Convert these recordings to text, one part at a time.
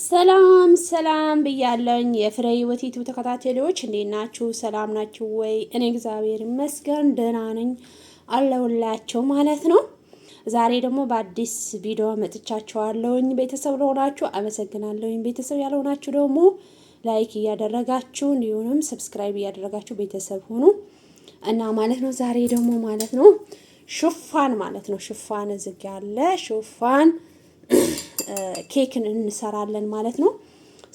ሰላም ሰላም ብያለኝ የፍሬ ህይወት ዩቲዩብ ተከታታዮች እንዴት ናችሁ? ሰላም ናችሁ ወይ? እኔ እግዚአብሔር ይመስገን ደህና ነኝ አለሁላችሁ ማለት ነው። ዛሬ ደግሞ በአዲስ ቪዲዮ መጥቻችኋለሁኝ። ቤተሰብ ለሆናችሁ አመሰግናለሁኝ። ቤተሰብ ያልሆናችሁ ደግሞ ላይክ እያደረጋችሁ እንዲሁም ሰብስክራይብ እያደረጋችሁ ቤተሰብ ሆኑ እና ማለት ነው። ዛሬ ደግሞ ማለት ነው ሽፋን ማለት ነው ሽፋን እዝግ ያለ ሽፋን ኬክን እንሰራለን ማለት ነው።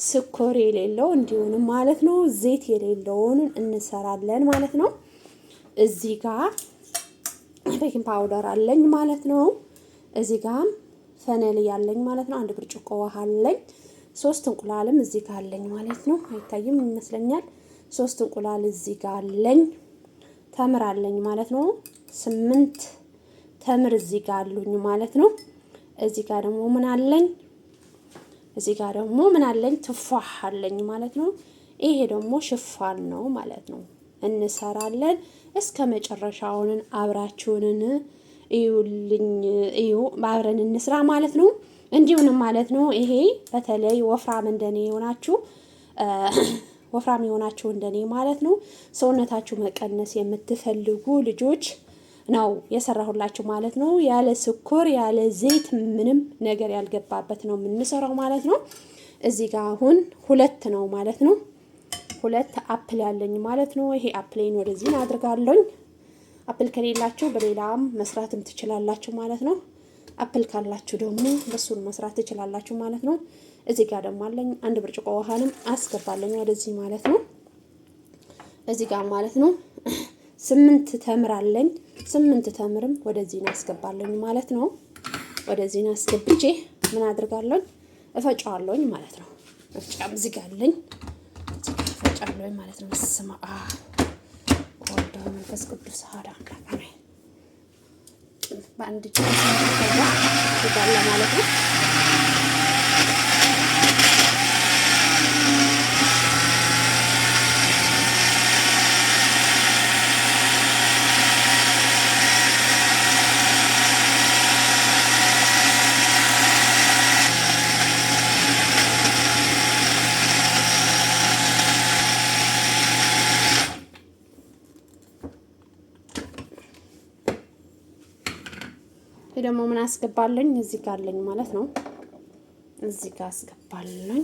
ስኮር የሌለው እንዲሆንም ማለት ነው። ዘይት የሌለውን እንሰራለን ማለት ነው። እዚህ ጋር ቤኪንግ ፓውደር አለኝ ማለት ነው። እዚህ ጋር ፈነል ያለኝ ማለት ነው። አንድ ብርጭቆ ውሃ አለኝ። ሶስት እንቁላልም እዚህ ጋር አለኝ ማለት ነው። አይታይም ይመስለኛል። ሶስት እንቁላል እዚህ ጋር አለኝ። ተምር አለኝ ማለት ነው። ስምንት ተምር እዚህ ጋር አሉኝ ማለት ነው። እዚህ ጋር ደግሞ ምን አለኝ? እዚህ ጋር ደግሞ ምን አለኝ? ትፋህ አለኝ ማለት ነው። ይሄ ደግሞ ሽፋን ነው ማለት ነው። እንሰራለን እስከ መጨረሻውን አብራችሁንን እዩልኝ፣ እዩ አብረን እንስራ ማለት ነው። እንዲሁንም ማለት ነው ይሄ በተለይ ወፍራም እንደኔ የሆናችሁ ወፍራም የሆናችሁ እንደኔ ማለት ነው ሰውነታችሁ መቀነስ የምትፈልጉ ልጆች ነው የሰራሁላችሁ ማለት ነው። ያለ ስኩር ያለ ዘይት ምንም ነገር ያልገባበት ነው የምንሰራው ማለት ነው። እዚህ ጋር አሁን ሁለት ነው ማለት ነው። ሁለት አፕል ያለኝ ማለት ነው። ይሄ አፕሌን ወደዚህ አድርጋለኝ። አፕል ከሌላችሁ በሌላም መስራትም ትችላላችሁ ማለት ነው። አፕል ካላችሁ ደግሞ በሱን መስራት ትችላላችሁ ማለት ነው። እዚህ ጋር ደግሞ አለኝ አንድ ብርጭቆ ውሃንም አስገባለኝ ወደዚህ ማለት ነው። እዚህ ጋር ማለት ነው ስምንት ተምር አለኝ። ስምንት ተምርም ወደዚህ ነው አስገባለኝ ማለት ነው። ወደዚህ ነው አስገብቼ ምን አድርጋለኝ እፈጫዋለኝ ማለት ነው። እጫም ዝጋለኝ እፈጫለኝ ማለት ነው። ስማ ወደ መንፈስ ቅዱስ ሀዳ በአንድ ጭ ጋለ ማለት ነው። ይሄ ደግሞ ምን አስገባለኝ እዚህ ጋር አለኝ ማለት ነው። እዚህ ጋር አስገባለኝ።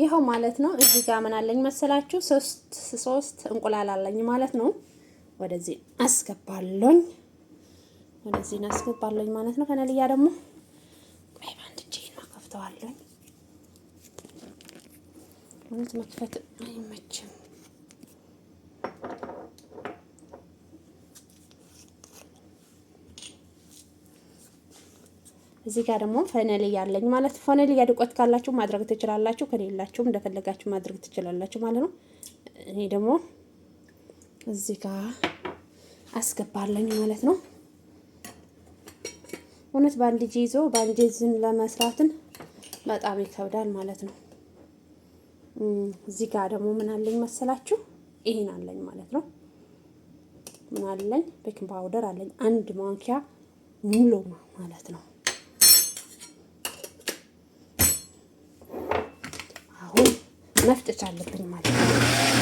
ይኸው ማለት ነው። እዚህ ጋር ምን አለኝ መሰላችሁ? ሶስት ሶስት እንቁላል አለኝ ማለት ነው። ወደዚህ አስገባለኝ፣ ወደዚህ አስገባለኝ ማለት ነው። ከነልያ ደግሞ ቆይ ባንድ እጄ ነው ከፍተዋለኝ። እውነት መክፈት አይመችም። እዚህ ጋር ደግሞ ፈነል ያለኝ ማለት ፈነል ያድቆት ካላችሁ ማድረግ ትችላላችሁ፣ ከሌላችሁም እንደፈለጋችሁ ማድረግ ትችላላችሁ ማለት ነው። እኔ ደግሞ እዚህ ጋር አስገባለኝ ማለት ነው። እውነት ባንዲጅ ይዞ ባንዲጅን ለመስራትን በጣም ይከብዳል ማለት ነው። እዚህ ጋር ደግሞ ምን አለኝ መሰላችሁ? ይሄን አለኝ ማለት ነው። ምን አለኝ? ቤኪንግ ፓውደር አለኝ አንድ ማንኪያ ሙሉ ማለት ነው። መፍጨት አለብኝ ማለት ነው።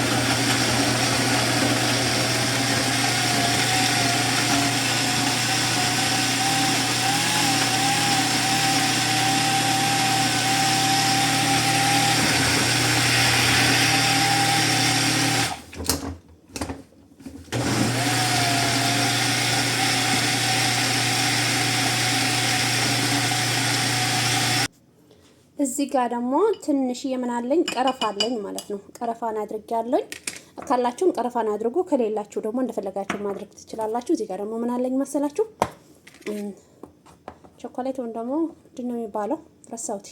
ጋር ደግሞ ትንሽ የምናለኝ ቀረፋ አለኝ ማለት ነው። ቀረፋን አድርጌያለሁ። ካላችሁም ቀረፋን አድርጉ፣ ከሌላችሁ ደግሞ እንደፈለጋችሁ ማድረግ ትችላላችሁ። እዚህ ጋር ደግሞ ምን አለኝ መሰላችሁ ቸኮሌት ወይም ደግሞ ምንድን ነው የሚባለው ረሳሁት።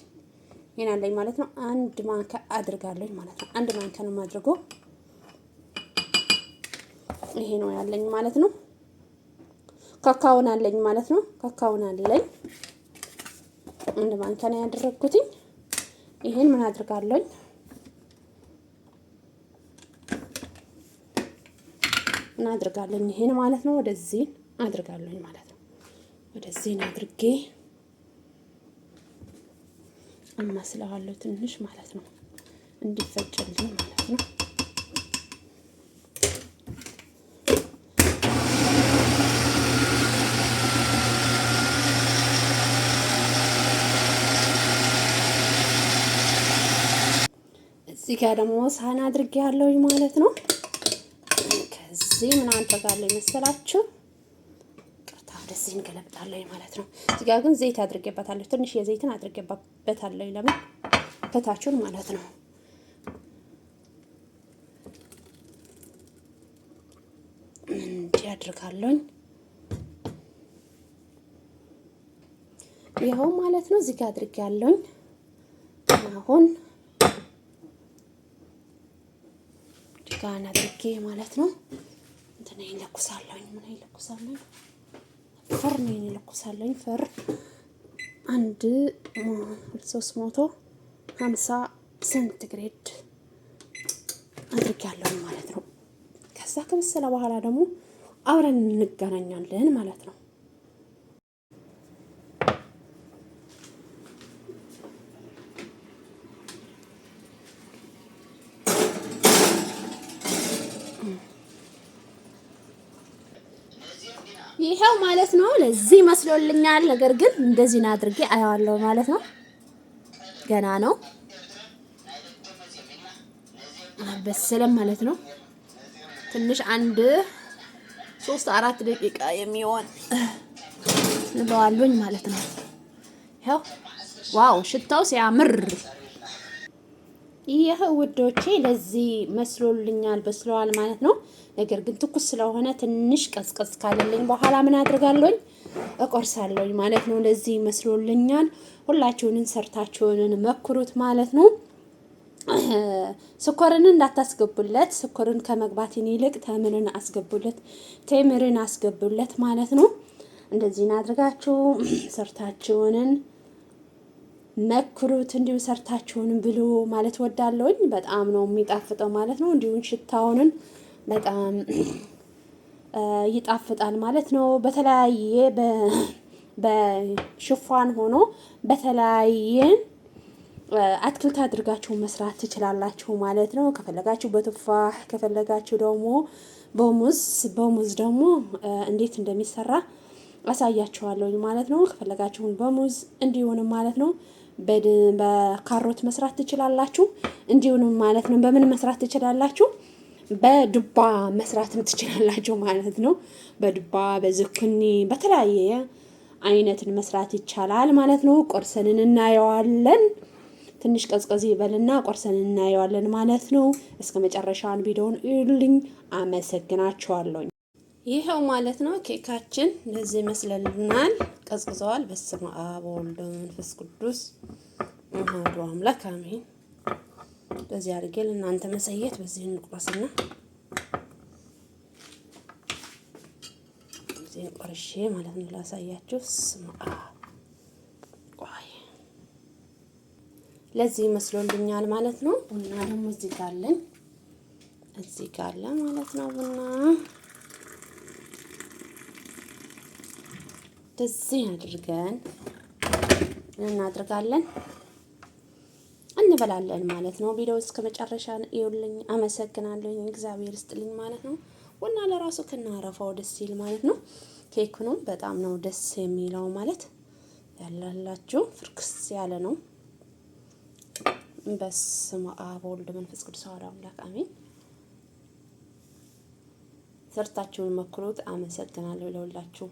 ይሄን አለኝ ማለት ነው። አንድ ማንካ አድርጋለኝ ማለት ነው። አንድ ማንካ ነው የማድርገው። ይሄ ነው ያለኝ ማለት ነው። ካካውን አለኝ ማለት ነው። ካካውን አለኝ አንድ ማንካ ነው ያደረግኩትኝ። ይህን ምን አድርጋለኝ ምን አድርጋለኝ ይህን ማለት ነው ወደዚህ አድርጋለኝ ማለት ነው። ወደዚህ አድርጌ አማስለዋለሁ ትንሽ ማለት ነው እንዲፈጭልኝ ማለት ነው። እዚህ ጋር ደግሞ ሳህን አድርጌ ያለውኝ ማለት ነው። ከዚህ ምን አደርጋለሁ መሰላችሁ? ቅርታ ወደዚህ እንገለብጣለሁኝ ማለት ነው። እዚህ ጋር ግን ዘይት አድርጌበታለሁ። ትንሽ የዘይትን አድርጌበታለሁኝ ለምን ከታችን ማለት ነው። እንዲህ አድርጋለሁኝ ይኸው ማለት ነው። እዚህ ጋር አድርጌ ያለውኝ አሁን ጋን አድርጌ ማለት ነው። እንትን ይለኩሳለኝ ምን ይለኩሳለኝ ፈር ነው ይለኩሳለኝ ፈር አንድ ሶስት መቶ ሀምሳ ሴንቲግሬድ አድርጌያለሁ ማለት ነው። ከዛ ከበሰለ በኋላ ደግሞ አብረን እንገናኛለን ማለት ነው። ይሄው ማለት ነው። ለዚህ መስሎልኛል። ነገር ግን እንደዚህ አድርጌ አየዋለሁ ማለት ነው። ገና ነው አልበሰለም ማለት ነው። ትንሽ አንድ ሶስት አራት ደቂቃ የሚሆን እንለዋለኝ ማለት ነው። ይኸው ዋው ሽታው ሲያምር! ይህ ውዶቼ ለዚህ መስሎልኛል በስለዋል ማለት ነው። ነገር ግን ትኩስ ስለሆነ ትንሽ ቀዝቀዝ ካለልኝ በኋላ ምን አድርጋለሁኝ? እቆርሳለሁኝ ማለት ነው። እንደዚህ ይመስሎልኛል። ሁላችሁንን ሰርታችሁንን መክሩት ማለት ነው። ስኮርን እንዳታስገቡለት። ስኮርን ከመግባትን ይልቅ ተምርን አስገቡለት፣ ቴምርን አስገቡለት ማለት ነው። እንደዚህ አድርጋችሁ ሰርታችሁንን መክሩት እንዲሁ ሰርታችሁን ብሎ ማለት ወዳለውኝ። በጣም ነው የሚጣፍጠው ማለት ነው። እንዲሁን ሽታውንን በጣም ይጣፍጣል ማለት ነው። በተለያየ በሽፋን ሆኖ በተለያየ አትክልት አድርጋችሁ መስራት ትችላላችሁ ማለት ነው። ከፈለጋችሁ በቱፋህ ከፈለጋችሁ ደግሞ በሙዝ በሙዝ ደግሞ እንዴት እንደሚሰራ አሳያችኋለሁኝ ማለት ነው። ከፈለጋችሁን በሙዝ እንዲሆንም ማለት ነው በካሮት መስራት ትችላላችሁ እንዲሁንም ማለት ነው። በምን መስራት ትችላላችሁ? በዱባ መስራትም ትችላላችሁ ማለት ነው። በዱባ በዝኩኒ በተለያየ አይነትን መስራት ይቻላል ማለት ነው። ቆርሰንን እናየዋለን። ትንሽ ቀዝቀዝ ይበልና ቆርሰን እናየዋለን ማለት ነው። እስከ መጨረሻውን ቪዲዮውን እዩልኝ። አመሰግናችኋለሁ። ይኸው ማለት ነው ኬካችን እንደዚህ ይመስለልናል። ቀዝቅዘዋል። በስመ አብ ወወልድ ወመንፈስ ቅዱስ አሐዱ አምላክ አሜን። በዚህ አድርጌ ለእናንተ መሰየት በዚህ እንቁረስና በዚህ እንቆርሼ ማለት ነው ላሳያችሁ። ስማ ቆይ ለዚህ መስሎልኛል ማለት ነው። ቡና ደግሞ እዚህ ጋር እዚህ ጋር ማለት ነው ቡና እንደዚህ አድርገን እናድርጋለን። እንበላለን ማለት ነው። ቪዲዮ እስከ መጨረሻ ይውልኝ። አመሰግናለሁኝ። እግዚአብሔር ይስጥልኝ ማለት ነው። ቡና ለራሱ ከናረፋው ደስ ይል ማለት ነው። ኬኩንም በጣም ነው ደስ የሚለው ማለት ያላላችሁ ፍርክስ ያለ ነው። በስመ አብ ወልድ መንፈስ ቅዱስ አሐዱ አምላክ አሜን። ሰርታችሁን መክሩት። አመሰግናለሁ ለሁላችሁ።